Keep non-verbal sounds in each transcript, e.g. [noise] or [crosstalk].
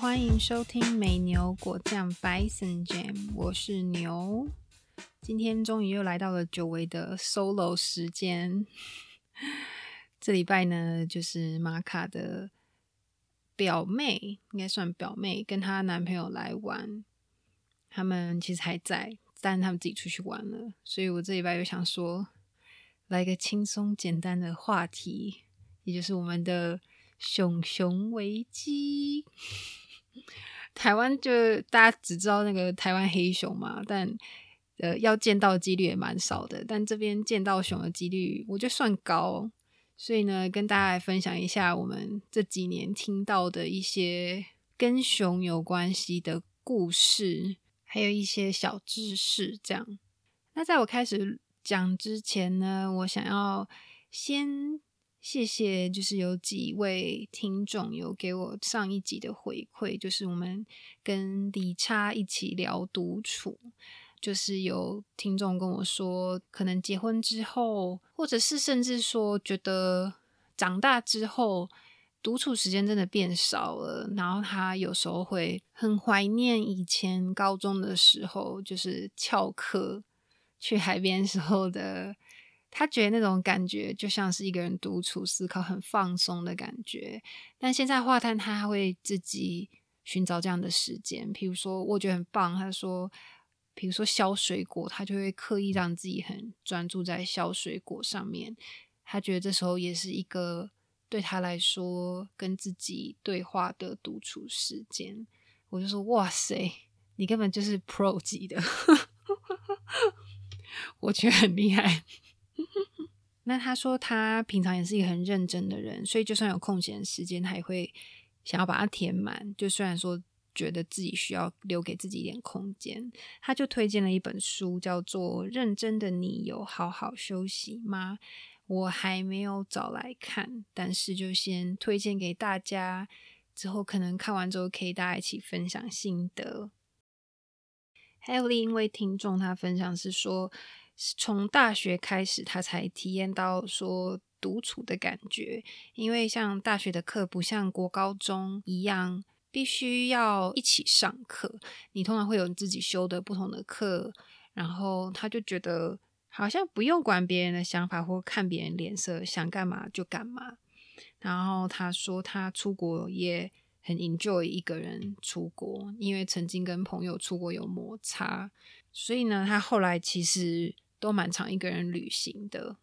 歡迎收聽美牛果醬 Bison Jam，我是牛。今天終於又來到了久違的 solo 時間。這禮拜呢，就是馬卡的表妹，應該算表妹，跟她男朋友來玩。他們其實還在，但他們自己出去玩了。所以我這禮拜又想說，來個輕鬆簡單的話題，也就是我們的熊熊危機。台灣就大家只知道那個台灣黑熊嘛，但呃要見到的幾率也蠻少的。但這邊見到熊的幾率，我覺得算高，所以呢，跟大家來分享一下我們這幾年聽到的一些跟熊有關係的故事，還有一些小知識。這樣，那在我開始講之前呢，我想要先。謝謝，就是有幾位聽眾有給我上一集的回饋，就是我們跟理查一起聊獨處，就是有聽眾跟我說，可能結婚之後，或者是甚至說覺得長大之後，獨處時間真的變少了，然後他有時候會很懷念以前高中的時候，就是翹課去海邊時候的。他覺得那種感覺就像是一個人獨處、思考、很放鬆的感覺。但現在畫探他會自己尋找這樣的時間，比如說我覺得很棒，他說，比如說削水果，他就會刻意讓自己很專注在削水果上面。他覺得這時候也是一個對他來說跟自己對話的獨處時間。我就說哇塞，你根本就是 Pro 級的， [laughs] 我覺得很厲害。 [laughs] 那他說，他平常也是一個很認真的人，所以就算有空閒時間，他也會想要把它填滿。就雖然說覺得自己需要留給自己一點空間，他就推薦了一本書，叫做《認真的你有好好休息嗎》。我還沒有找來看，但是就先推薦給大家。之後可能看完之後，可以大家一起分享心得。還有另一位聽眾他分享是說。從大學開始，他才體驗到說獨處的感覺，因為像大學的課不像國高中一樣，必須要一起上課。你通常會有自己修的不同的課，然後他就覺得好像不用管別人的想法或看別人臉色，想幹嘛就幹嘛。然後他說他出國也很 enjoy 一個人出國，因為曾經跟朋友出國有摩擦，所以呢，他後來其實。都蠻常一個人旅行的。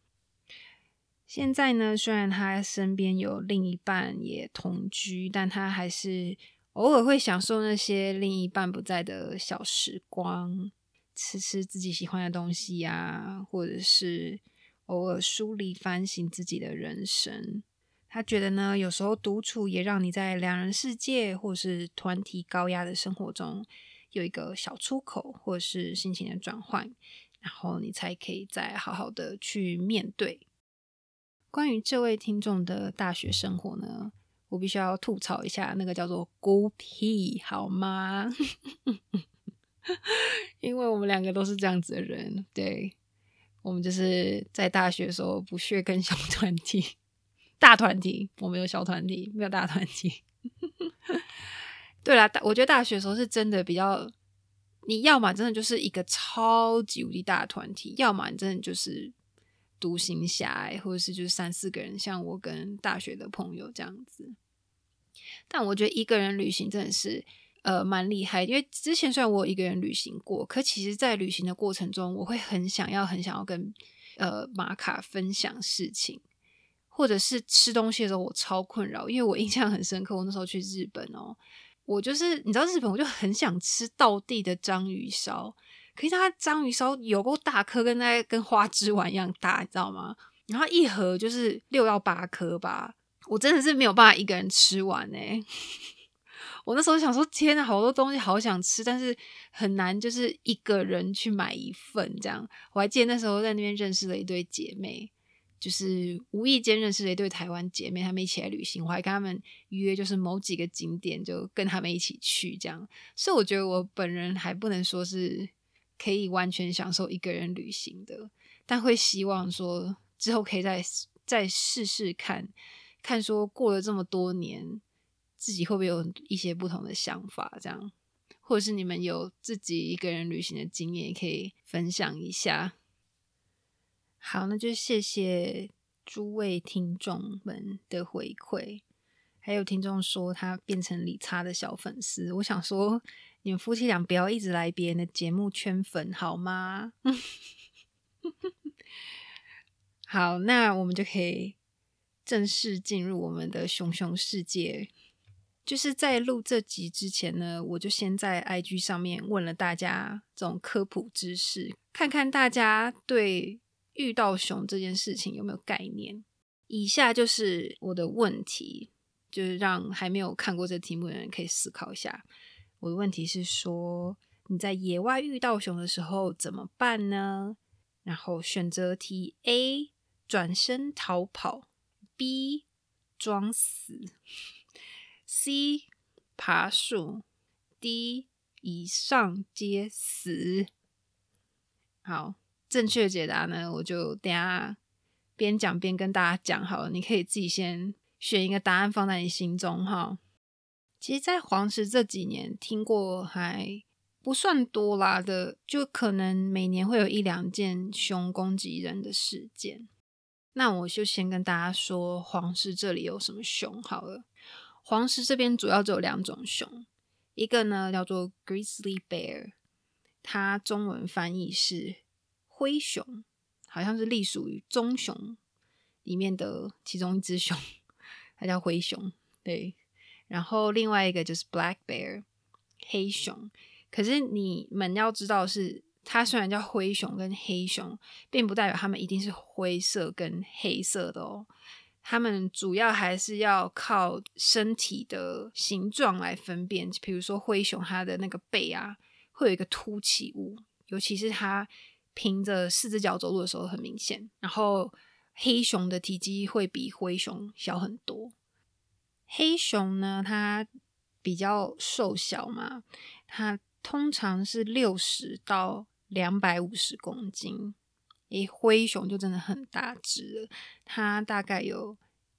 現在呢，雖然他身邊有另一半也同居，但他還是偶爾會享受那些另一半不在的小時光，吃吃自己喜歡的東西呀、啊，或者是偶爾梳理反省自己的人生。他覺得呢，有時候獨處也讓你在兩人世界或是團體高壓的生活中有一個小出口，或是心情的轉換。然後你才可以再好好的去面對。關於這位聽眾的大學生活呢，我必須要吐槽一下那個叫做孤僻，好嗎？ [laughs] 因為我們兩個都是這樣子的人，對，我們就是在大學的時候不屑跟小團體、大團體，我沒有小團體，沒有大團體。 [laughs] 對啦，大我覺得大學時候是真的比較。你要嘛真的就是一個超級無敵大的團體，要嘛你真的就是獨行俠，或者是就是三四個人，像我跟大學的朋友這樣子。但我覺得一個人旅行真的是呃蠻厲害，因為之前雖然我一個人旅行過，可其實，在旅行的過程中，我會很想要很想要跟呃瑪卡分享事情，或者是吃東西的時候，我超困擾，因為我印象很深刻，我那時候去日本哦。我就是，你知道日本，我就很想吃道地的章魚燒，可是它章魚燒有夠大顆，跟那跟花枝丸一樣大，你知道嗎？然後一盒就是六到八顆吧，我真的是沒有辦法一個人吃完哎、欸。 [laughs] 我那時候想說，天吶、啊，好多東西好想吃，但是很難就是一個人去買一份這樣。我還記得那時候在那邊認識了一對姐妹。就是無意間認識了一對台灣姐妹，他們一起來旅行，我還跟他們約，就是某幾個景點，就跟他們一起去這樣。所以我覺得我本人還不能說是可以完全享受一個人旅行的，但會希望說之後可以再再試試看看，看說過了這麼多年，自己會不會有一些不同的想法，這樣，或者是你們有自己一個人旅行的經驗，也可以分享一下。好，那就謝謝諸位聽眾們的回饋。還有聽眾說他變成李叉的小粉絲，我想說，你們夫妻倆不要一直來別人的節目圈粉，好嗎？ [laughs] 好，那我們就可以正式進入我們的熊熊世界。就是在錄這集之前呢，我就先在 IG 上面問了大家這種科普知識，看看大家對。遇到熊這件事情有沒有概念？以下就是我的問題，就是讓還沒有看過這題目的人可以思考一下。我的問題是說，你在野外遇到熊的時候怎麼辦呢？然後選擇題：A. 轉身逃跑；B. 裝死；C. 爬樹；D. 以上皆死。好。正確的解答呢，我就等下邊講邊跟大家講好了。你可以自己先選一個答案放在你心中哈。其實，在黃石這幾年聽過還不算多啦的，就可能每年會有一兩件熊攻擊人的事件。那我就先跟大家說，黃石這裡有什麼熊好了。黃石這邊主要只有兩種熊，一個呢叫做 Grizzly Bear，它中文翻譯是。灰熊好像是隸屬於棕熊裡面的其中一只熊，它叫灰熊。對，然後另外一個就是 black bear，黑熊。可是你們要知道是，是它雖然叫灰熊跟黑熊，並不代表它們一定是灰色跟黑色的哦。它們主要還是要靠身體的形狀來分辨。比如說灰熊，它的那個背啊，會有一個凸起物，尤其是它。憑着四只腳走路的時候很明顯，然後黑熊的體積會比灰熊小很多。黑熊呢，它比較瘦小嘛，它通常是六十到兩百五十公斤。誒、欸，灰熊就真的很大只了，它大概有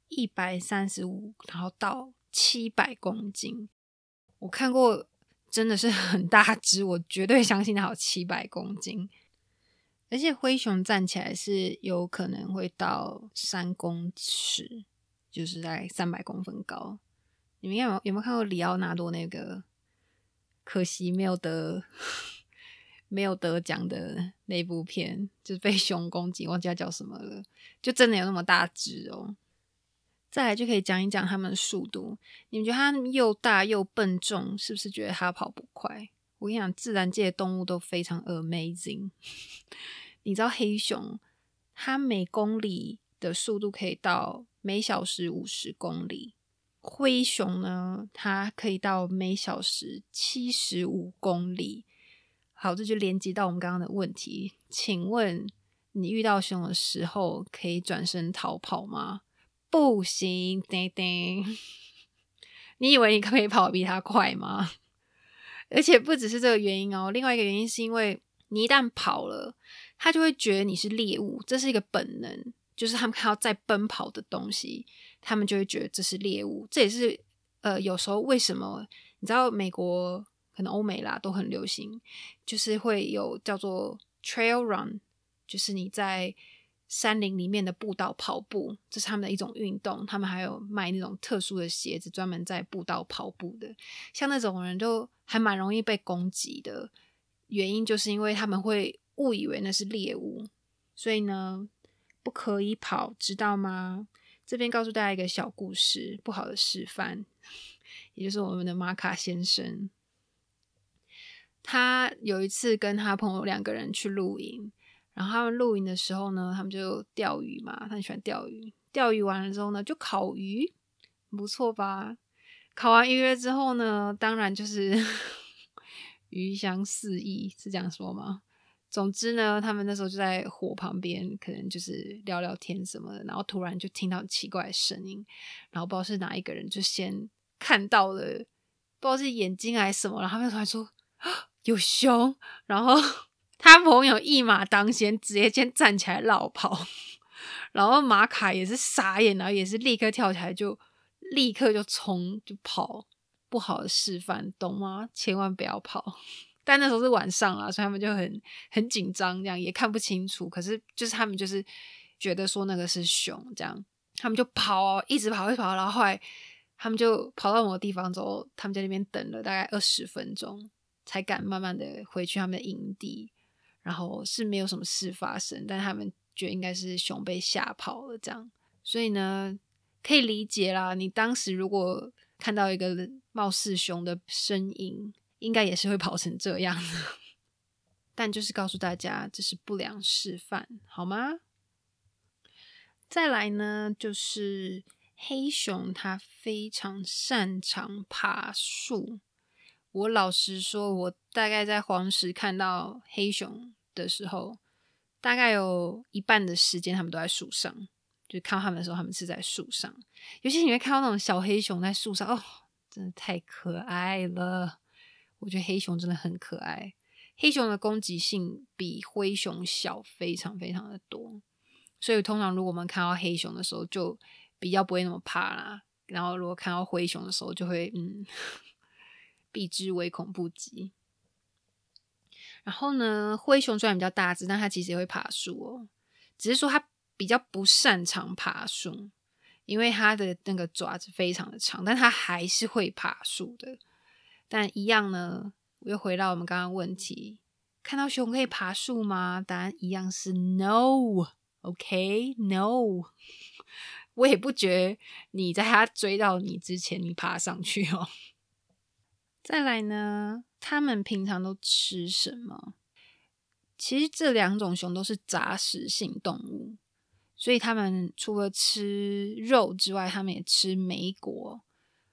一百三十五，然後到七百公斤。我看過，真的是很大只，我絕對相信它有七百公斤。而且灰熊站起來是有可能會到三公尺，就是在三百公分高。你們有沒有，有沒有看過李奧納多那個？可惜沒有得，呵呵沒有得獎的那部片，就是被熊攻擊，忘記他叫什麼了。就真的有那麼大只哦！再來就可以講一講它們的速度。你們覺得它又大又笨重，是不是覺得它跑不快？我跟你講，自然界的動物都非常 amazing。 [laughs] 你知道黑熊，它每公里的速度可以到每小時五十公里；灰熊呢，它可以到每小時七十五公里。好，這就連接到我們剛剛的問題，請問你遇到熊的時候可以轉身逃跑嗎？不行，叮叮 [laughs] 你以為你可以跑得比它快嗎？而且不只是這個原因哦，另外一個原因是因為你一旦跑了，他就會覺得你是獵物，這是一個本能，就是他們看到在奔跑的東西，他們就會覺得這是獵物。這也是呃，有時候為什麼你知道美國可能歐美啦都很流行，就是會有叫做 trail run，就是你在。山林裡面的步道跑步，這是他們的一種運動。他們還有賣那種特殊的鞋子，專門在步道跑步的。像那種人，都還蠻容易被攻擊的。原因就是因為他們會誤以為那是獵物，所以呢，不可以跑，知道嗎？這邊告訴大家一個小故事，不好的示範，也就是我們的馬卡先生，他有一次跟他朋友兩個人去露營。然後他們露營的時候呢，他們就釣魚嘛，他很喜歡釣魚。釣魚完了之後呢，就烤魚，不錯吧？烤完魚了之後呢，當然就是呵呵魚香四溢，是這樣說嗎？總之呢，他們那時候就在火旁邊，可能就是聊聊天什麼的。然後突然就聽到奇怪的聲音，然後不知道是哪一個人就先看到了，不知道是眼睛還是什麼。然後他們突然說：“啊，有熊！”然後。他朋友一馬當先，直接先站起來落跑，然後馬卡也是傻眼，然後也是立刻跳起來就，就立刻就衝就跑，不好的示範，懂嗎？千萬不要跑。但那時候是晚上啦，所以他們就很很緊張，這樣也看不清楚。可是就是他們就是覺得說那個是熊，這樣他們就跑，哦，一直跑一直跑，然後後來他們就跑到某個地方之後，他們在那邊等了大概二十分鐘，才敢慢慢的回去他們的營地。然後是沒有什麼事發生，但他們覺得應該是熊被嚇跑了這樣，所以呢，可以理解啦。你當時如果看到一個貌似熊的身影，應該也是會跑成這樣的。但就是告訴大家，這是不良示範，好嗎？再來呢，就是黑熊它非常擅長爬樹。我老實說，我大概在黃石看到黑熊，的時候，大概有一半的時間他們都在樹上。就看到他們的時候，他們是在樹上。尤其你會看到那種小黑熊在樹上，哦，真的太可愛了。我覺得黑熊真的很可愛。黑熊的攻擊性比灰熊小非常非常的多，所以通常如果我們看到黑熊的時候，就比較不會那麼怕啦。然後如果看到灰熊的時候，就會嗯，避之唯恐不及。然後呢，灰熊雖然比較大隻，但它其實也會爬樹哦，只是說它比較不擅長爬樹，因為它的那個爪子非常的長，但它還是會爬樹的。但一樣呢，我又回到我們剛剛問題：看到熊可以爬樹嗎？答案一樣是 no，OK，no、okay?。No. [laughs] 我也不覺你在它追到你之前，你爬上去哦。 [laughs] 再來呢？他們平常都吃什麼？其實這兩種熊都是雜食性動物，所以他們除了吃肉之外，他們也吃莓果，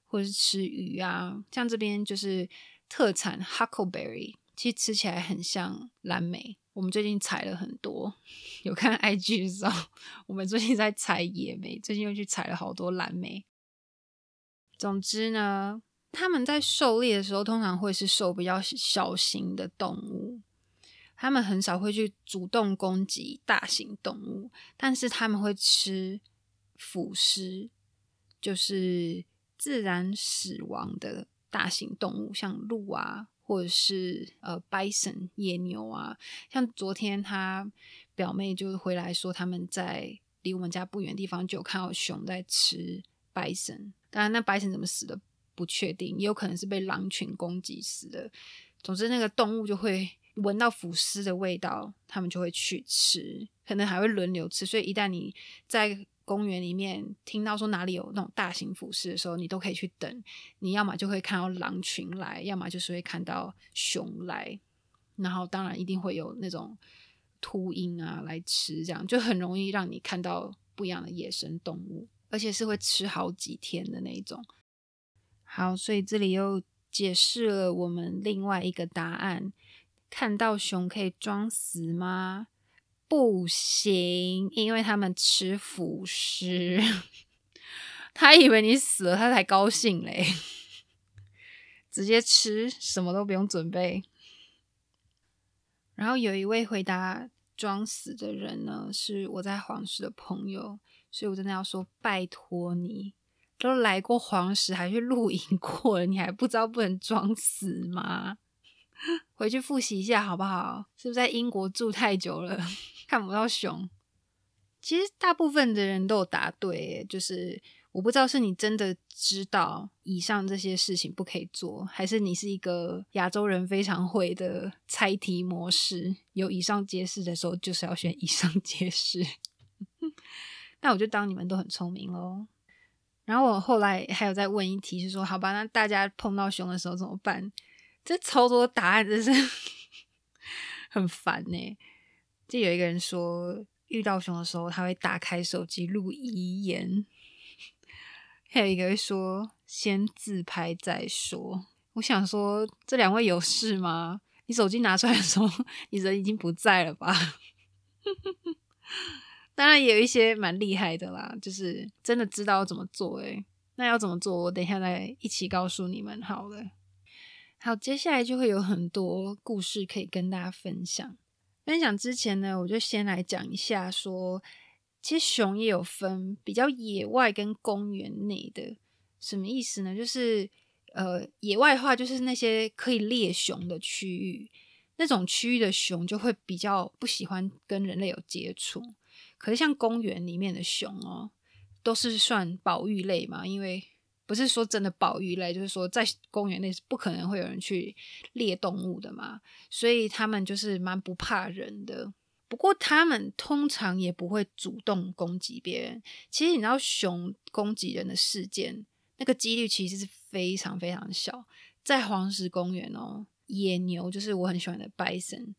或是吃魚啊。像這邊就是特產 huckleberry，其實吃起來很像藍莓。我們最近採了很多，有看 IG 就知道，我們最近在採野莓，最近又去採了好多藍莓。總之呢。他們在狩獵的時候，通常會是狩比較小型的動物，他們很少會去主動攻擊大型動物，但是他們會吃腐屍，就是自然死亡的大型動物，像鹿啊，或者是呃，bison 野牛啊。像昨天他表妹就回來說，他們在離我們家不遠的地方就有看到熊在吃 bison。當然啊，那 bison 怎麼死的？不確定，也有可能是被狼群攻擊死的。總之，那個動物就會聞到腐屍的味道，他們就會去吃，可能還會輪流吃。所以，一旦你在公園裡面聽到說哪裡有那種大型腐屍的時候，你都可以去等。你要麼就會看到狼群來，要麼就是會看到熊來。然後，當然一定會有那種禿鷹啊來吃，這樣就很容易讓你看到不一樣的野生動物，而且是會吃好幾天的那一種。好，所以這裡又解釋了我們另外一個答案：看到熊可以裝死嗎？不行，因為他們吃腐食。他以為你死了，他才高興嘞，直接吃什麼都不用準備。然後有一位回答裝死的人呢，是我在黃石的朋友，所以我真的要說拜托你。都來過黃石，還去露營過了，你還不知道不能裝死嗎？回去複習一下好不好？是不是在英國住太久了，看不到熊？其實大部分的人都有答對，就是我不知道是你真的知道以上這些事情不可以做，還是你是一個亞洲人非常會的猜題模式？有以上皆是的時候，就是要選以上皆是。 [laughs] 那我就當你們都很聰明嘍。然後我後來還有再問一題，是說好吧，那大家碰到熊的時候怎麼辦？這超多答案真是很煩呢、欸。就有一個人說遇到熊的時候，他會打開手機錄遺言，還有一個人說先自拍再說。我想說這兩位有事嗎？你手機拿出來的時候，你人已經不在了吧？ [laughs] 當然也有一些蠻厲害的啦，就是真的知道怎麼做。誒，那要怎麼做？我等一下再一起告訴你們。好了，好，接下來就會有很多故事可以跟大家分享。分享之前呢，我就先來講一下說，說其實熊也有分比較野外跟公園內的，什麼意思呢？就是呃，野外的話就是那些可以獵熊的區域，那種區域的熊就會比較不喜歡跟人類有接觸。可是像公園裡面的熊哦，都是算保育類嘛，因為不是說真的保育類，就是說在公園內是不可能會有人去獵動物的嘛，所以他們就是蠻不怕人的。不過他們通常也不會主動攻擊別人。其實你知道熊攻擊人的事件，那個幾率其實是非常非常小。在黃石公園哦，野牛就是我很喜歡的 bison，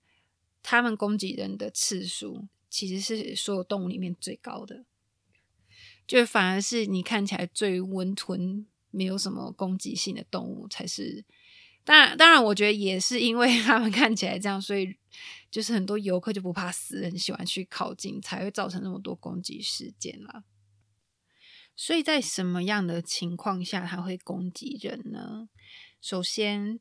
他們攻擊人的次數。其實是所有動物裡面最高的，就反而是你看起來最溫吞、沒有什麼攻擊性的動物才是。當然，當然，我覺得也是因為他們看起來這樣，所以就是很多遊客就不怕死，很喜歡去靠近，才會造成那麼多攻擊事件啦。所以在什麼樣的情況下它會攻擊人呢？首先，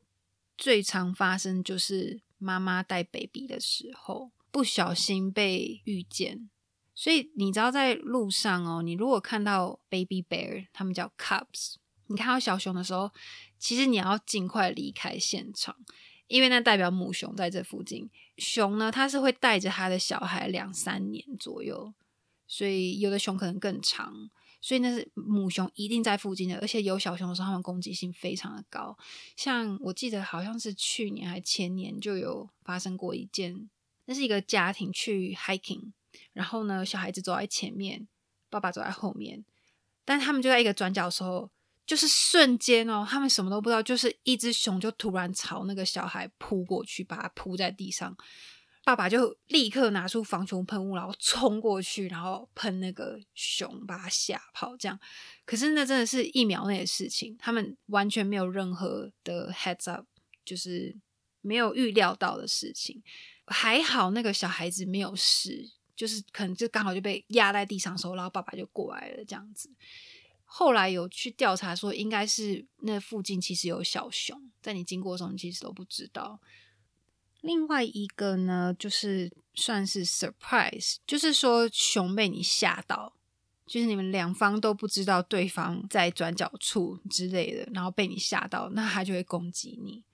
最常發生就是媽媽帶 baby 的時候。不小心被遇見，所以你知道在路上哦，你如果看到 baby bear，他們叫 cubs，你看到小熊的時候，其實你要儘快離開現場，因為那代表母熊在這附近。熊呢，它是會帶着它的小孩兩三年左右，所以有的熊可能更長，所以那是母熊一定在附近的，而且有小熊的時候，它們攻擊性非常的高。像我記得好像是去年還前年就有發生過一件。那是一個家庭去 hiking，然後呢，小孩子走在前面，爸爸走在後面。但他們就在一個轉角的時候，就是瞬間哦，他們什麼都不知道，就是一隻熊就突然朝那個小孩撲過去，把他撲在地上。爸爸就立刻拿出防熊噴霧，然後衝過去，然後噴那個熊，把他嚇跑。這樣，可是那真的是一秒內的事情，他們完全沒有任何的 heads up，就是沒有預料到的事情。還好那個小孩子沒有事，就是可能就剛好就被壓在地上的時候，然後爸爸就過來了這樣子。後來有去調查說，應該是那附近其實有小熊，在你經過的時候你其實都不知道。另外一個呢，就是算是 surprise，就是說熊被你嚇到，就是你們兩方都不知道對方在轉角處之類的，然後被你嚇到，那他就會攻擊你。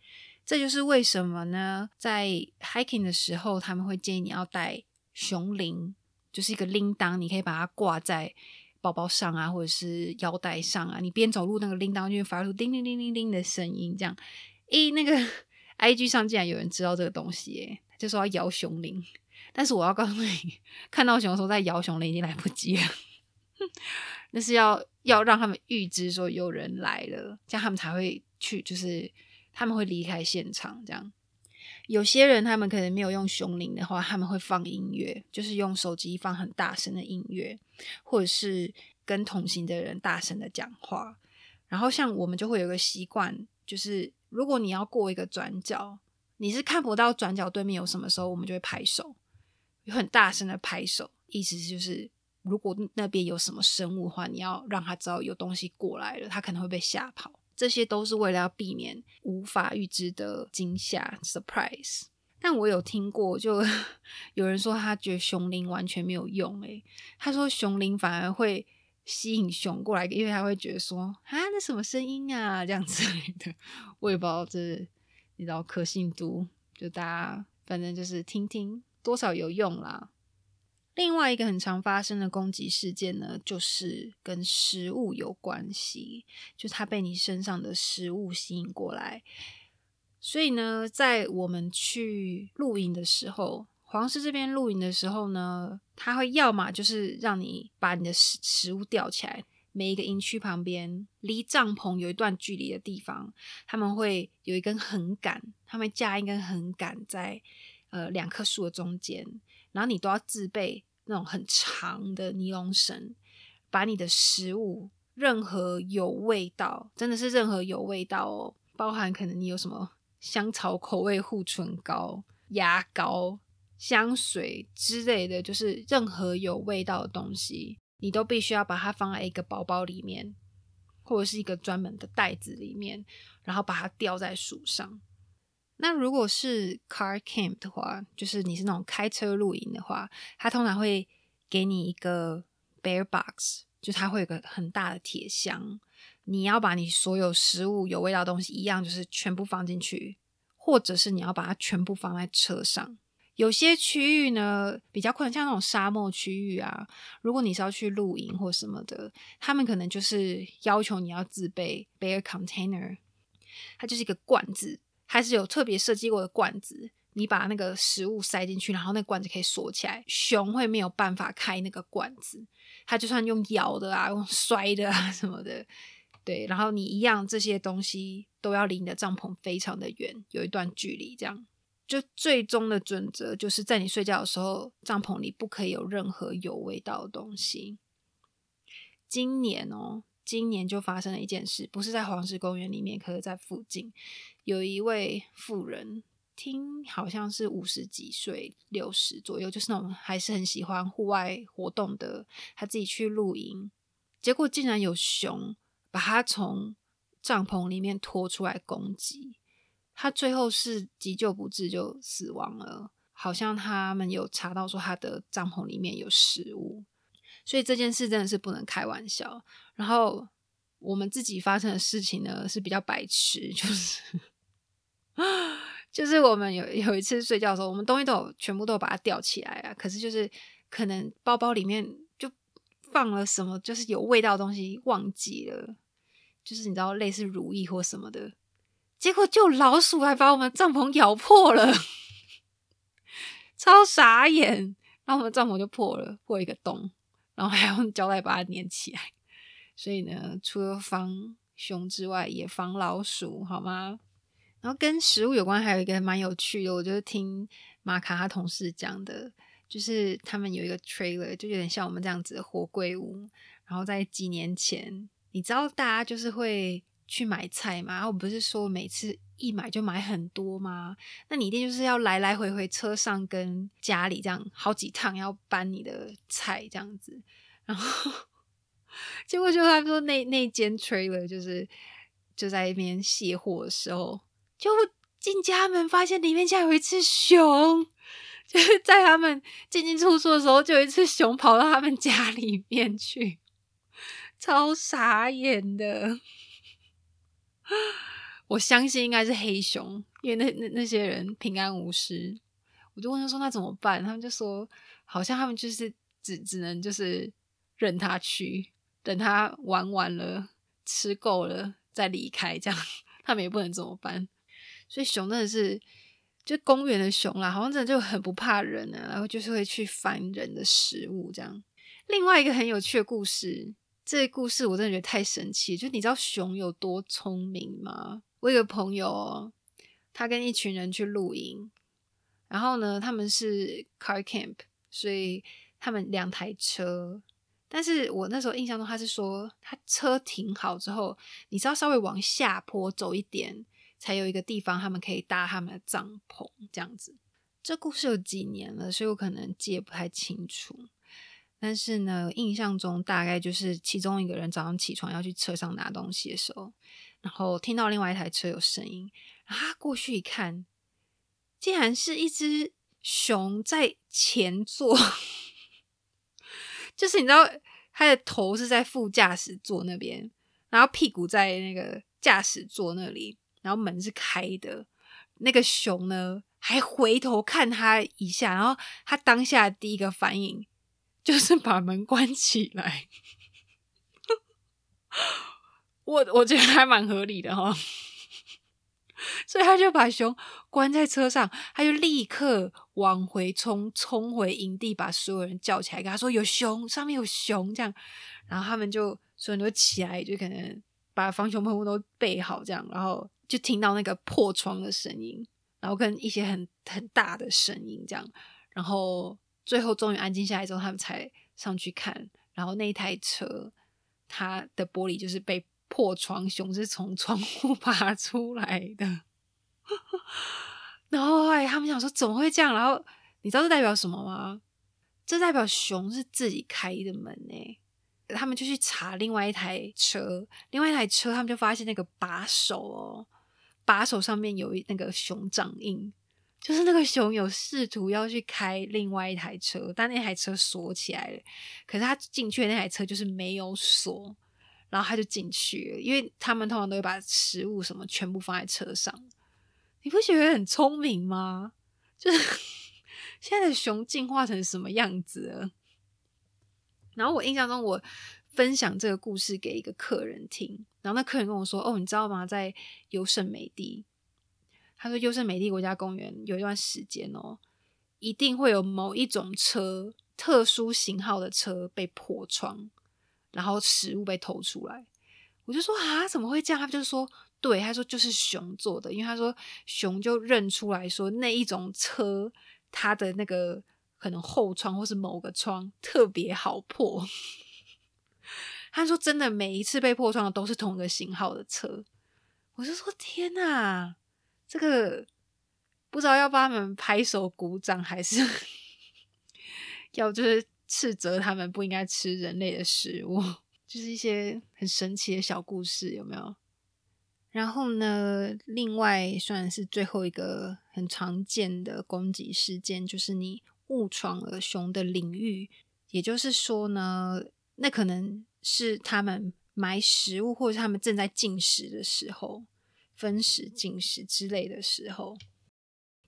這就是為什麼呢？在 hiking 的時候，他們會建議你要帶熊鈴，就是一個鈴鐺，你可以把它掛在包包上啊，或者是腰帶上啊。你邊走路，那個鈴鐺就會發出叮叮叮叮叮的聲音。這樣，咦？那個 IG 上竟然有人知道這個東西，耶，就說要搖熊鈴。但是我要告訴你，看到熊的時候再搖熊鈴已經來不及了。 [laughs] 那是要要讓他們預知說有人來了，這樣他們才會去，就是。他們會離開現場這樣，有些人他們可能沒有用熊鈴的話，他們會放音樂，就是用手機放很大聲的音樂，或者是跟同行的人大聲的講話。然後像我們就會有個習慣，就是如果你要過一個轉角，你是看不到轉角對面有什麼時候，我們就會拍手，有很大聲的拍手，意思就是如果那邊有什麼生物的話，你要讓他知道有東西過來了，他可能會被嚇跑。這些都是為了要避免無法預知的驚嚇 （surprise）。但我有聽過，就有人說他覺得熊鈴完全沒有用，哎，他說熊鈴反而會吸引熊過來，因為他會覺得說啊，那什麼聲音啊，這樣子類的。我也不知道這、就是、你知道可信度，就大家反正就是聽聽多少有用啦。另外一個很常發生的攻擊事件呢，就是跟食物有關係，就是它被你身上的食物吸引過來。所以呢，在我們去露營的時候，黃石這邊露營的時候呢，它會要麼就是讓你把你的食食物吊起來，每一個營區旁邊，離帳篷有一段距離的地方，他們會有一根橫桿，他們架一根橫桿在。呃，兩棵樹的中間，然後你都要自備那種很長的尼龍繩，把你的食物，任何有味道，真的是任何有味道哦，包含可能你有什麼香草口味護唇膏、牙膏、香水之類的，就是任何有味道的東西，你都必須要把它放在一個包包裡面，或者是一個專門的袋子裡面，然後把它吊在樹上。那如果是 car camp 的話，就是你是那種開車露營的話，它通常會給你一個 bear box，就它會有一個很大的鐵箱，你要把你所有食物有味道的東西一樣，就是全部放進去，或者是你要把它全部放在車上。有些區域呢比較困難，像那種沙漠區域啊，如果你是要去露營或什麼的，他們可能就是要求你要自備 bear container，它就是一個罐子。還是有特別設計過的罐子，你把那個食物塞進去，然後那個罐子可以鎖起來，熊會沒有辦法開那個罐子。它就算用咬的啊，用摔的啊什麼的，對。然後你一樣這些東西都要離你的帳篷非常的遠，有一段距離這樣。就最終的準則就是在你睡覺的時候，帳篷裡不可以有任何有味道的東西。今年哦。今年就發生了一件事，不是在黃石公園裡面，可是在附近，有一位婦人，聽好像是五十幾歲、六十左右，就是那種還是很喜歡戶外活動的，他自己去露營，結果竟然有熊把他從帳篷裡面拖出來攻擊，他最後是急救不治就死亡了。好像他們有查到說他的帳篷裡面有食物。所以這件事真的是不能開玩笑。然後我們自己發生的事情呢，是比較白痴，就是 [laughs] 就是我們有有一次睡覺的時候，我們東西都全部都把它吊起來啊。可是就是可能包包裡面就放了什麼，就是有味道的東西，忘記了，就是你知道類似如意或什麼的。結果就老鼠還把我們帳篷咬破了，超傻眼，然後我們帳篷就破了，破一個洞。然後還用膠帶把它粘起來，所以呢，除了防熊之外，也防老鼠，好嗎？然後跟食物有關，還有一個蠻有趣的，我就是聽馬卡他同事講的，就是他們有一個 trailer，就有點像我們這樣子的貨櫃屋。然後在幾年前，你知道大家就是會。去買菜嘛，然後我不是說每次一買就買很多嗎？那你一定就是要來來回回車上跟家裡這樣好幾趟要搬你的菜這樣子，然後結果就他說那那間 trailer 就是就在那邊卸貨的時候，就進家門發現裡面竟然有一隻熊，就是在他們進進出出的時候，就有一隻熊跑到他們家裡面去，超傻眼的。我相信應該是黑熊，因為那那那些人平安無事，我就問他說：“那怎麼辦？”他們就說：“好像他們就是只只能就是任他去，等他玩完了、吃夠了再離開，這樣他們也不能怎麼辦。”所以熊真的是，就公園的熊啦，好像真的就很不怕人啊，然後就是會去煩人的食物這樣。另外一個很有趣的故事。這故事我真的覺得太神奇，就你知道熊有多聰明嗎？我一個朋友，他跟一群人去露營，然後呢，他們是 car camp，所以他們兩台車。但是我那時候印象中他是說，他車停好之後，你是要稍微往下坡走一點，才有一個地方他們可以搭他們的帳篷，這樣子。這故事有幾年了，所以我可能記得不太清楚。但是呢，印象中大概就是其中一個人早上起床要去車上拿東西的時候，然後聽到另外一台車有聲音，啊，過去一看，竟然是一隻熊在前座，就是你知道他的頭是在副駕駛座那邊，然後屁股在那個駕駛座那裡，然後門是開的，那個熊呢還回頭看他一下，然後他當下的第一個反應。就是把門關起來， [laughs] 我我覺得還蠻合理的哈， [laughs] 所以他就把熊關在車上，他就立刻往回衝，衝回營地，把所有人叫起來，跟他說有熊，上面有熊，這樣，然後他們就所有人都起來，就可能把防熊噴霧都備好，這樣，然後就聽到那個破窗的聲音，然後跟一些很很大的聲音，這樣，然後。最後終於安靜下來之後，他們才上去看，然後那一台車，它的玻璃就是被破窗，熊是從窗戶爬出來的。 [laughs] 然後後來他們想說怎麼會這樣？然後你知道這代表什麼嗎？這代表熊是自己開的門誒、欸。他們就去查另外一台車，另外一台車他們就發現那個把手哦、喔，把手上面有那個熊掌印。就是那個熊有試圖要去開另外一台車，但那台車鎖起來了。可是他進去的那台車就是沒有鎖，然後他就進去了。因為他們通常都會把食物什麼全部放在車上，你不覺得很聰明嗎？就是現在的熊進化成什麼樣子了？然後我印象中，我分享這個故事給一個客人聽，然後那客人跟我說：“哦，你知道嗎？在優勝美地。”他說：“優勝美地國家公園，有一段時間哦，一定會有某一種車，特殊型號的車被破窗，然後食物被偷出來。”我就說：“啊，怎麼會這樣？”他就說：“對。”他就說：“就是熊做的，因為他說熊就認出來，說那一種車，它的那個可能後窗或是某個窗特別好破。 [laughs] ”他說：“真的，每一次被破窗的都是同一個型號的車。”我就說：“天哪、啊！”這個不知道要幫他們拍手鼓掌，還是要就是斥責他們不應該吃人類的食物，就是一些很神奇的小故事，有沒有？然後呢，另外算是最後一個很常見的攻擊事件，就是你誤闖了熊的領域，也就是說呢，那可能是他們埋食物，或者是他們正在進食的時候。分時進食之類的時候，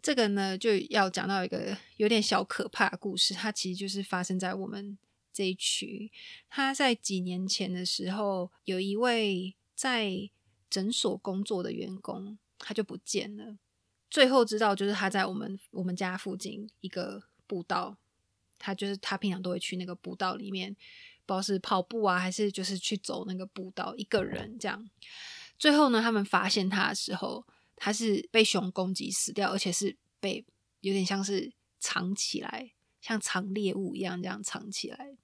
這個呢就要講到一個有點小可怕的故事。它其實就是發生在我們這一區。他在幾年前的時候，有一位在診所工作的員工，他就不見了。最後知道，就是他在我們我們家附近一個步道，他就是他平常都會去那個步道裡面，不知道是跑步啊，還是就是去走那個步道，一個人這樣。最後呢，他們發現他的時候，他是被熊攻擊死掉，而且是被有點像是藏起來，像藏獵物一樣這樣藏起來。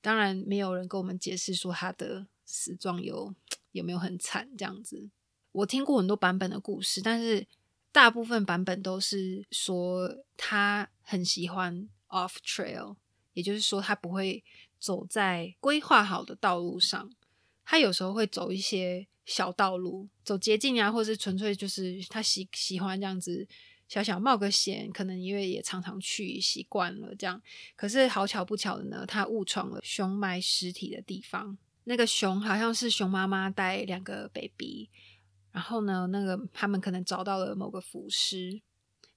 當然，沒有人跟我們解釋說他的死狀有有沒有很慘這樣子。我聽過很多版本的故事，但是大部分版本都是說他很喜歡 off trail，也就是說他不會走在規劃好的道路上，他有時候會走一些。小道路，走捷徑啊，或是純粹就是他喜喜歡這樣子，小小冒個險，可能因為也常常去習慣了這樣。可是好巧不巧的呢，他誤闖了熊埋屍體的地方。那個熊好像是熊媽媽帶兩個 baby，然後呢，那個他們可能找到了某個腐屍，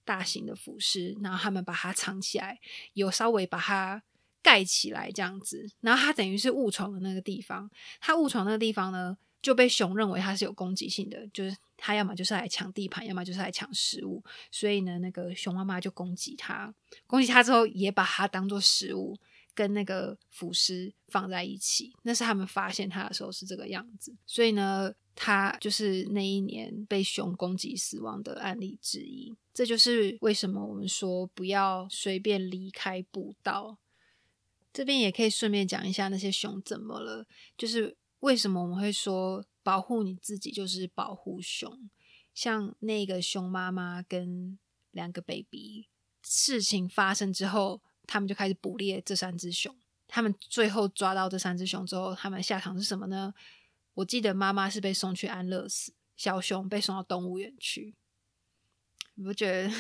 大型的腐屍，然後他們把它藏起來，有稍微把它蓋起來這樣子。然後他等於是誤闖了那個地方，他誤闖那個地方呢。就被熊認為它是有攻擊性的，就是它要麼就是來搶地盤，要麼就是來搶食物。所以呢，那個熊媽媽就攻擊它，攻擊它之後也把它當做食物，跟那個腐屍放在一起。那是他們發現它的時候是這個樣子。所以呢，它就是那一年被熊攻擊死亡的案例之一。這就是為什麼我們說不要隨便離開步道。這邊也可以順便講一下那些熊怎麼了，就是。為什麼我們會說保護你自己就是保護熊？像那個熊媽媽跟兩個 baby，事情發生之後，他們就開始捕獵這三只熊。他們最後抓到這三只熊之後，他們的下場是什麼呢？我記得媽媽是被送去安樂死，小熊被送到動物園去。我覺得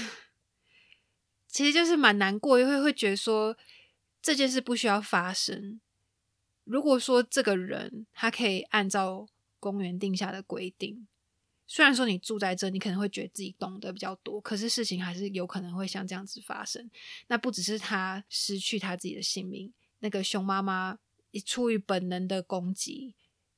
其實就是蠻難過，因為會覺得說這件事不需要發生。如果說這個人他可以按照公園定下的規定雖然說你住在這，你可能會覺得自己懂得比較多，可是事情還是有可能會像這樣子發生。那不只是他失去他自己的性命，那個熊媽媽出於本能的攻擊，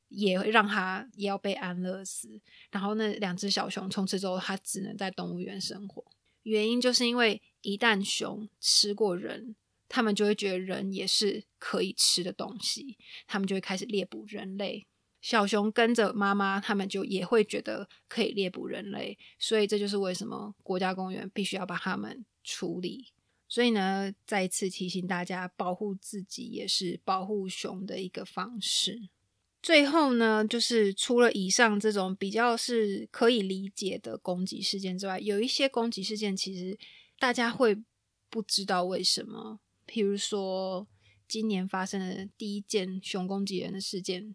也會讓他也要被安樂死。然後那兩隻小熊從此之後，它只能在動物園生活。原因就是因為一旦熊吃過人。他們就會覺得人也是可以吃的東西，他們就會開始獵捕人類。小熊跟着媽媽，他們就也會覺得可以獵捕人類，所以這就是為什麼國家公園必須要把他們處理。所以呢，再一次提醒大家，保護自己也是保護熊的一個方式。最後呢，就是除了以上這種比較是可以理解的攻擊事件之外，有一些攻擊事件其實大家會不知道為什麼。譬如說，今年發生的第一件熊攻擊人的事件，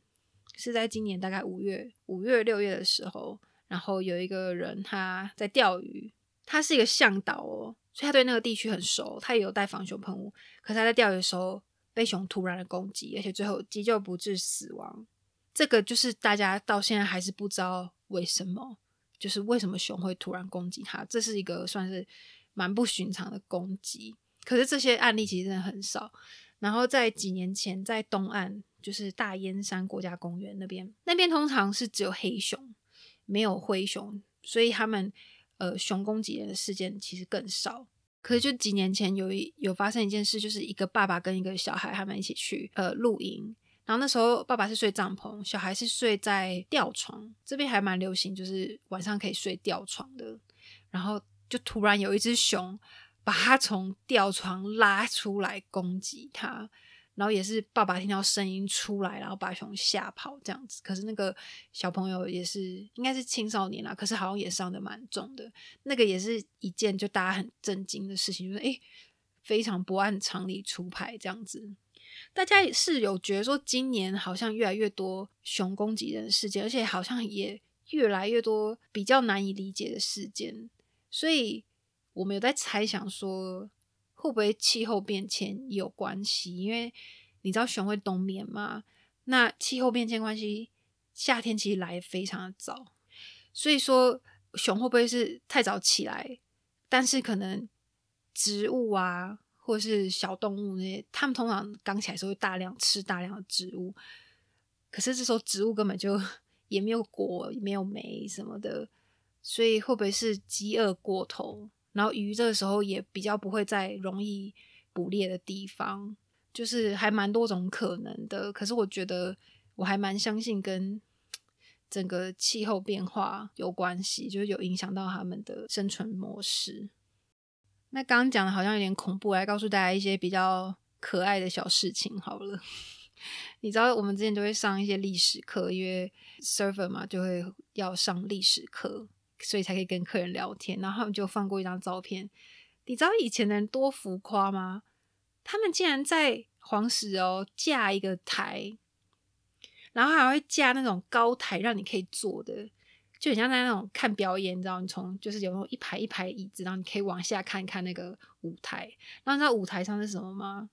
是在今年大概五月、五月六月的時候，然後有一個人他在釣魚，他是一個向導哦，所以他對那個地區很熟，他也有帶防熊噴霧。可是他在釣魚的時候被熊突然的攻擊，而且最後急救不治死亡。這個就是大家到現在還是不知道為什麼，就是為什麼熊會突然攻擊他，這是一個算是蠻不尋常的攻擊。可是這些案例其實真的很少。然後在幾年前，在東岸，就是大煙山國家公園那邊，那邊通常是只有黑熊，沒有灰熊，所以他們呃熊攻擊人的事件其實更少。可是就幾年前有一有發生一件事，就是一個爸爸跟一個小孩他們一起去呃露營，然後那時候爸爸是睡帳篷，小孩是睡在吊床，這邊還蠻流行，就是晚上可以睡吊床的。然後就突然有一隻熊。把他從吊床拉出來攻擊他，然後也是爸爸聽到聲音出來，然後把熊嚇跑這樣子。可是那個小朋友也是應該是青少年啦，可是好像也傷的蠻重的。那個也是一件就大家很震驚的事情，就是哎，非常不按常理出牌這樣子。大家是有覺得說今年好像越來越多熊攻擊人事件，而且好像也越來越多比較難以理解的事件，所以。我們有在猜想說，會不會氣候變遷有關係？因為你知道熊會冬眠嘛。那氣候變遷關係，夏天其實來非常的早，所以說熊會不會是太早起來？但是可能植物啊，或是小動物那些，它們通常剛起來的時候會大量吃大量的植物，可是這時候植物根本就也沒有果，也沒有莓什麼的，所以會不會是飢餓過頭？然後魚這個時候也比較不會在容易捕獵的地方，就是還蠻多種可能的。可是我覺得我還蠻相信跟整個氣候變化有關係，就是有影響到他們的生存模式。那剛剛講的好像有點恐怖，來告訴大家一些比較可愛的小事情好了。 [laughs] 你知道我們之前都會上一些歷史課，因為 server 嘛，就會要上歷史課。所以才可以跟客人聊天，然後他們就放過一張照片。你知道以前的人多浮誇嗎？他們竟然在黃石哦架一個台，然後還會架那種高台，讓你可以坐的，就很像在那種看表演。你知道，你從就是有那種一排一排椅子，然後你可以往下看看那個舞台。然後你知道舞台上是什麼嗎？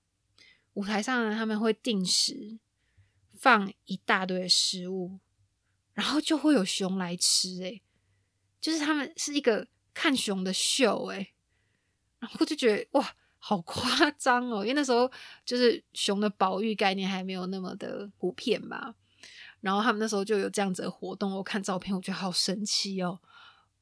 舞台上呢，他們會定時放一大堆的食物，然後就會有熊來吃誒、欸就是他們是一個看熊的秀誒，然後我就覺得哇，好誇張哦！因為那時候就是熊的保育概念還沒有那麼的普遍吧，然後他們那時候就有這樣子的活動，我看照片我覺得好神奇哦！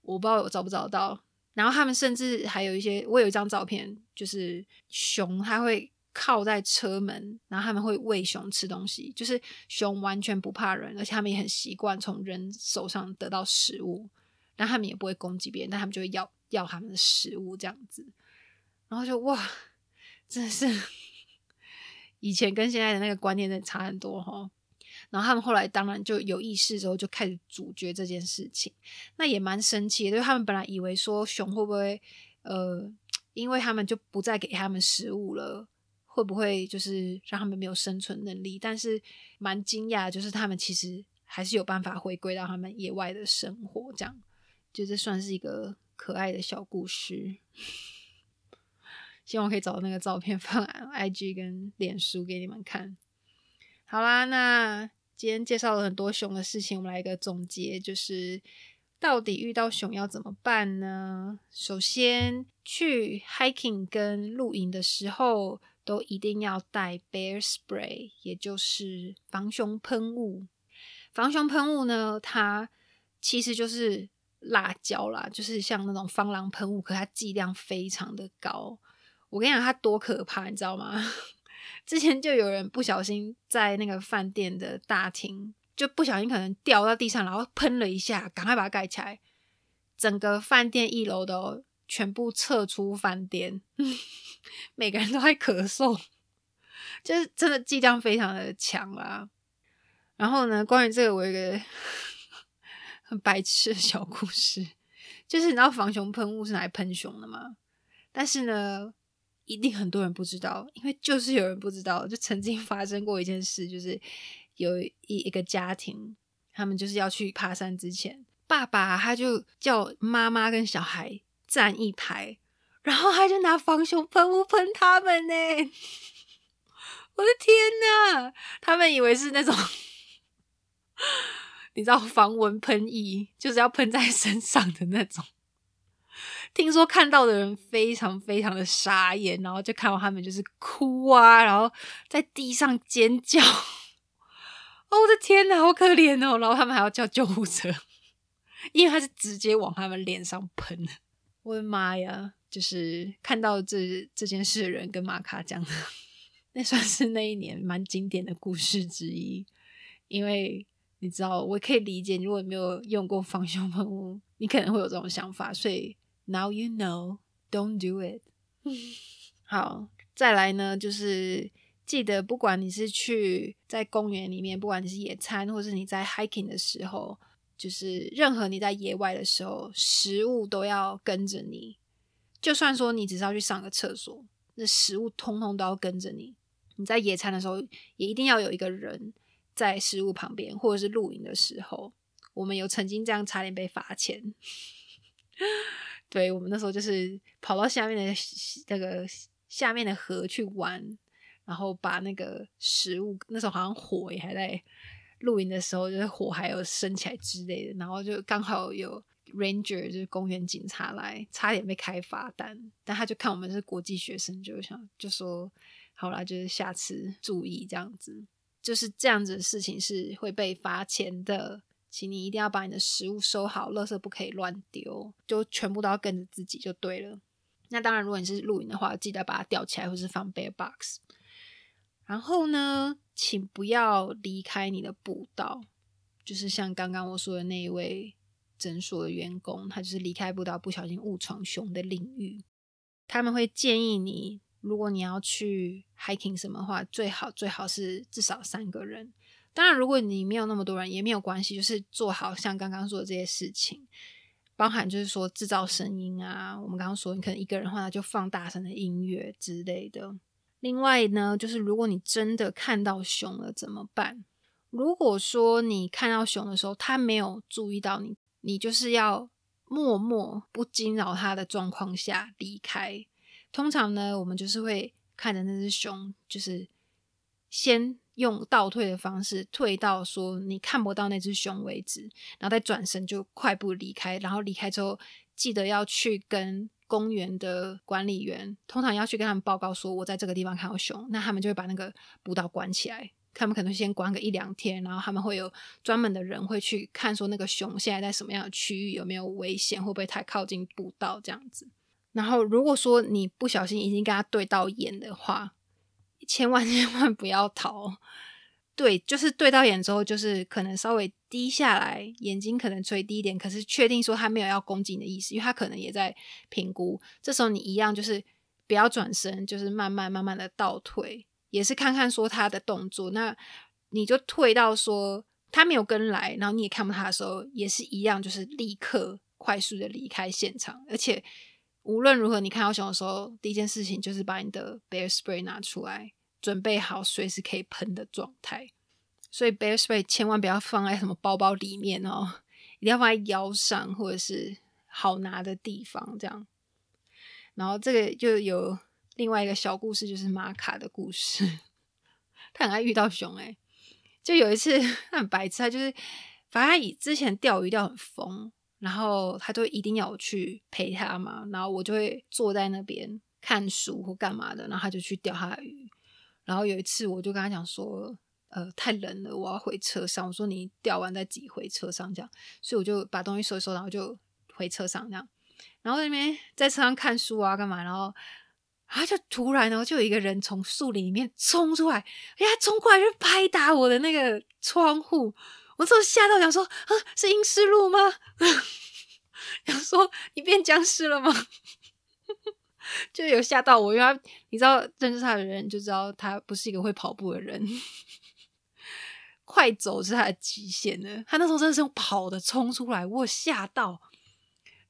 我不知道我找不找到。然後他們甚至還有一些，我有一張照片，就是熊它會靠在車門，然後他們會餵熊吃東西，就是熊完全不怕人，而且他們也很習慣從人手上得到食物。那他們也不會攻擊別人，但他們就會要要他們的食物這樣子。然後就哇，真的是以前跟現在的那個觀念真的差很多齁。然後他們後來當然就有意識之後，就開始阻絕這件事情。那也蠻生氣，因為他們本來以為說熊會不會呃，因為他們就不再給他們食物了，會不會就是讓他們沒有生存能力？但是蠻驚訝，就是他們其實還是有辦法回歸到他們野外的生活這樣。就這算是一個可愛的小故事，希望可以找到那個照片放 IG 跟臉書給你們看。好啦，那今天介紹了很多熊的事情，我們來一個總結，就是到底遇到熊要怎麼辦呢？首先，去 hiking 跟露營的時候，都一定要帶 bear spray，也就是防熊噴霧。防熊噴霧呢，它其實就是。辣椒啦，就是像那種防狼噴霧，可它劑量非常的高。我跟你講，它多可怕，你知道嗎？之前就有人不小心在那個飯店的大廳，就不小心可能掉到地上，然後噴了一下，趕快把它蓋起來。整個飯店一樓都全部撤出飯店， [laughs] 每個人都在咳嗽，就是真的劑量非常的強啊。然後呢，關於這個，我有個。很白痴的小故事，就是你知道防熊噴霧是拿來噴熊的嗎？但是呢，一定很多人不知道，因為就是有人不知道，就曾經發生過一件事，就是有一一個家庭，他們就是要去爬山之前，爸爸他就叫媽媽跟小孩站一排，然後他就拿防熊噴霧噴他們呢。 [laughs] 我的天哪！他們以為是那種。 [laughs] 你知道防蚊噴液就是要噴在身上的那種。聽說看到的人非常非常的傻眼，然後就看到他們就是哭啊，然後在地上尖叫。哦，我的天哪，好可憐哦！然後他們還要叫救護車，因為他是直接往他們臉上噴。我的媽呀！就是看到這這件事的人跟瑪卡講的，那算是那一年蠻經典的故事之一，因為。你知道，我可以理解，如果你沒有用過防熊噴霧，你可能會有這種想法。所以，now you know，don't do it。 [laughs] 好，再來呢，就是記得，不管你是去在公園裡面，不管你是野餐，或是你在 hiking 的時候，就是任何你在野外的時候，食物都要跟着你。就算說你只是要去上個廁所，那食物通通都要跟着你。你在野餐的時候，也一定要有一個人。在食物旁邊，或者是露營的時候，我們有曾經這樣差點被罰錢。 [laughs] 對，我們那時候就是跑到下面的那個下面的河去玩，然後把那個食物，那時候好像火也還在。露營的時候就是火還有升起來之類的，然後就剛好有 ranger 就是公園警察來，差點被開罰單。但他就看我們是國際學生就想，就想就說好啦，就是下次注意這樣子。就是這樣子的事情是會被罰錢的，請你一定要把你的食物收好，垃圾不可以亂丟，就全部都要跟着自己就對了。那當然，如果你是露營的話，記得把它吊起來或是放 bear box。然後呢，請不要離開你的步道，就是像剛剛我說的那一位診所的員工，他就是離開步道不小心誤闖熊的領域，他們會建議你。如果你要去 hiking 什麼的話，最好最好是至少三個人。當然，如果你沒有那麼多人也沒有關係，就是做好像剛剛說的這些事情，包含就是說製造聲音啊。我們剛剛說，你可能一個人的話，那就放大聲的音樂之類的。另外呢，就是如果你真的看到熊了怎麼辦？如果說你看到熊的時候，它沒有注意到你，你就是要默默不驚擾它的狀況下離開。通常呢，我們就是會看着那隻熊，就是先用倒退的方式退到說你看不到那隻熊為止，然後再轉身就快步離開。然後離開之後，記得要去跟公園的管理員，通常要去跟他們報告說，我在這個地方看到熊，那他們就會把那個步道關起來。他們可能先關個一兩天，然後他們會有專門的人會去看說，那個熊現在在什麼樣的區域，有沒有危險，會不會太靠近步道這樣子。然後，如果說你不小心已經跟他對到眼的話，千萬千萬不要逃。對，就是對到眼之後，就是可能稍微低下來，眼睛可能垂低一點，可是確定說他沒有要攻擊你的意思，因為他可能也在評估。這時候你一樣就是不要轉身，就是慢慢慢慢的倒退，也是看看說他的動作。那你就退到說他沒有跟來，然後你也看不到他的時候，也是一樣就是立刻快速的離開現場，而且。無論如何，你看到熊的時候，第一件事情就是把你的 bear spray 拿出來，準備好隨時可以噴的狀態。所以 bear spray 千萬不要放在什麼包包裡面哦，一定要放在腰上或者是好拿的地方，這樣。然後這個就有另外一個小故事，就是瑪卡的故事。他很愛遇到熊、欸，誒就有一次他很白痴，他就是反正他以之前釣魚釣很瘋。然後他就一定要我去陪他嘛，然後我就會坐在那邊看書或幹嘛的，然後他就去釣他的魚。然後有一次，我就跟他講說：“呃，太冷了，我要回車上。”我說：“你釣完再自己回車上這樣。”所以我就把東西收一收，然後就回車上這樣。然後在那邊在車上看書啊，幹嘛，然後然後就突然然後就有一個人從樹林裡面衝出來，哎呀，衝過來就拍打我的那個窗戶。我這時候嚇到，想說是陰屍路嗎？ [laughs] 想說你變僵屍了嗎？ [laughs] 就有嚇到我，因為他你知道認識他的人就知道他不是一個會跑步的人， [laughs] 快走是他的極限的。他那時候真的是用跑的衝出來，我嚇到。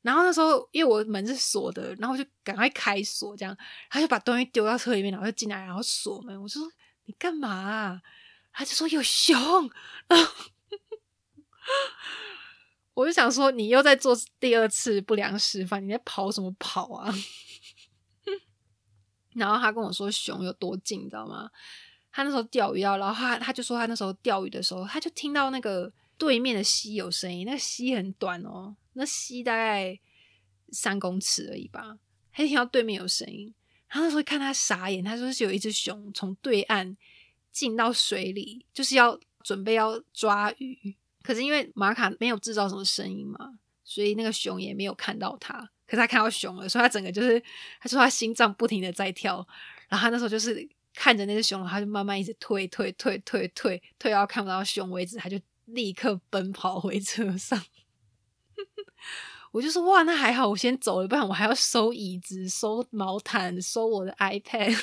然後那時候因為我門是鎖的，然後我就趕快開鎖這樣，他就把東西丟到車裡面，然後就進來，然後鎖門。我就說你幹嘛啊？他就說有熊。 [laughs] [laughs] 我就想說，你又在做第二次不良示範，你在跑什麼跑啊？ [laughs] 然後他跟我說熊有多近，你知道嗎？他那時候釣魚啊，然後他他就說他那時候釣魚的時候，他就聽到那個對面的溪有聲音。那溪很短哦，那溪大概三公尺而已吧。他就聽到對面有聲音，他那時候看他傻眼，他說是有一只熊從對岸進到水裡，就是要準備要抓魚。可是因為瑪卡沒有製造什麼聲音嘛，所以那個熊也沒有看到他。可是他看到熊了，所以他整個就是他說他心臟不停的在跳，然後他那時候就是看着那隻熊，他就慢慢一直退退退退退退到看不到熊為止，他就立刻奔跑回車上。 [laughs] 我就說哇，那還好，我先走了，不然我還要收椅子、收毛毯、收我的 iPad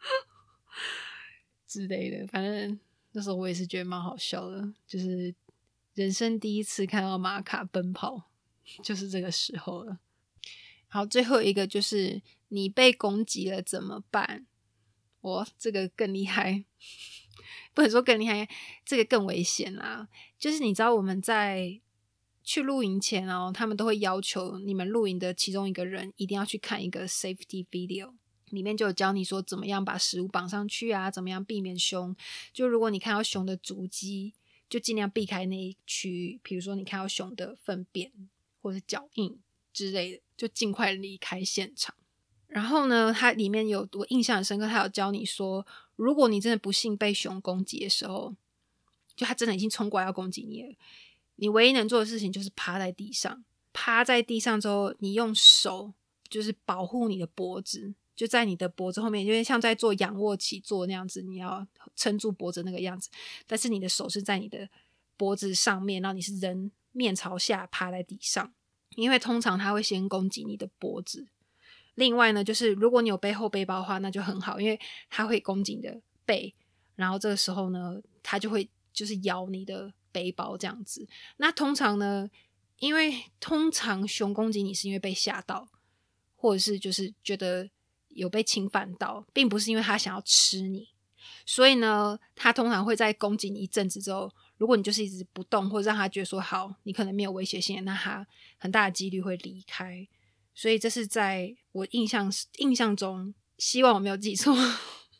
[laughs] 之類的，反正。那時候我也是覺得蠻好笑的，就是人生第一次看到瑪卡奔跑，就是這個時候了。好，最後一個就是你被攻擊了怎麼辦？我、oh, 這個更厲害， [laughs] 不能說更厲害，這個更危險啦。就是你知道我們在去露營前哦、喔，他們都會要求你們露營的其中一個人一定要去看一個 safety video。裡面就有教你說怎麼樣把食物綁上去啊，怎麼樣避免熊。就如果你看到熊的足跡，就儘量避開那一區。比如說你看到熊的糞便或者腳印之類的，就儘快離開現場。然後呢，它裡面有我印象很深刻，它有教你說，如果你真的不幸被熊攻擊的時候，就它真的已經衝過來要攻擊你了，你唯一能做的事情就是趴在地上。趴在地上之後，你用手就是保護你的脖子。就在你的脖子後面，因為像在做仰臥起坐那樣子，你要撐住脖子那個樣子。但是你的手是在你的脖子上面，然後你是人面朝下趴在地上，因為通常它會先攻擊你的脖子。另外呢，就是如果你有背後背包的話，那就很好，因為它會攻擊你的背。然後這個時候呢，它就會就是咬你的背包這樣子。那通常呢，因為通常熊攻擊你是因為被嚇到，或者是就是覺得。有被侵犯到，並不是因為他想要吃你，所以呢，他通常會在攻擊你一陣子之後，如果你就是一直不動，或者讓他覺得說好，你可能沒有威脅性，那他很大的幾率會離開。所以這是在我印象印象中，希望我沒有記錯。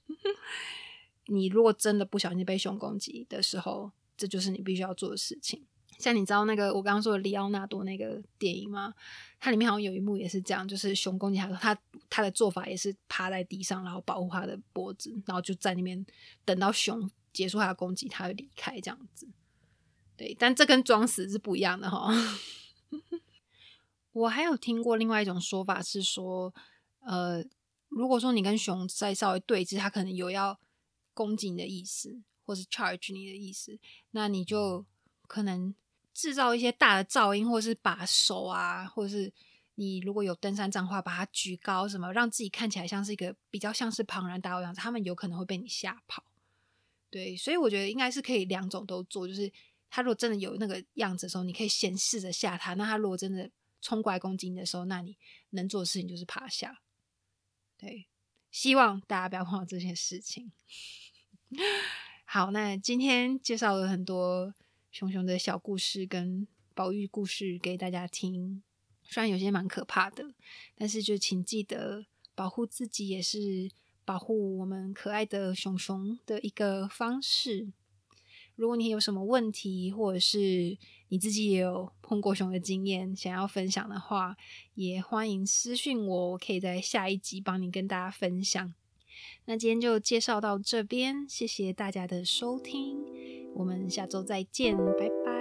[laughs] 你如果真的不小心被熊攻擊的時候，這就是你必須要做的事情。像你知道那個我剛剛說的李奧納多那個電影嗎？它裡面好像有一幕也是這樣，就是熊攻擊他，他他的做法也是趴在地上，然後保護他的脖子，然後就在那邊等到熊結束他的攻擊，他就離開這樣子。對，但這跟裝死是不一樣的哈。 [laughs] 我還有聽過另外一種說法是說，呃，如果說你跟熊再稍微對峙，它可能有要攻擊你的意思，或是 charge 你的意思，那你就可能。製造一些大的噪音，或者是把手啊，或者是你如果有登山杖的話，把它舉高什麼，讓自己看起來像是一個比較像是龐然大物樣子，他們有可能會被你嚇跑。對，所以我覺得應該是可以兩種都做，就是他如果真的有那個樣子的時候，你可以先試着嚇他。那他如果真的衝過來攻擊你的時候，那你能做的事情就是趴下。對，希望大家不要碰到這件事情。好，那今天介紹了很多。熊熊的小故事跟保育故事給大家聽，雖然有些蠻可怕的，但是就請記得保護自己，也是保護我們可愛的熊熊的一個方式。如果你有什麼問題，或者是你自己也有碰過熊的經驗想要分享的話，也歡迎私訊我，我可以在下一集幫你跟大家分享。那今天就介紹到這邊，謝謝大家的收聽。我們下周再見，拜拜。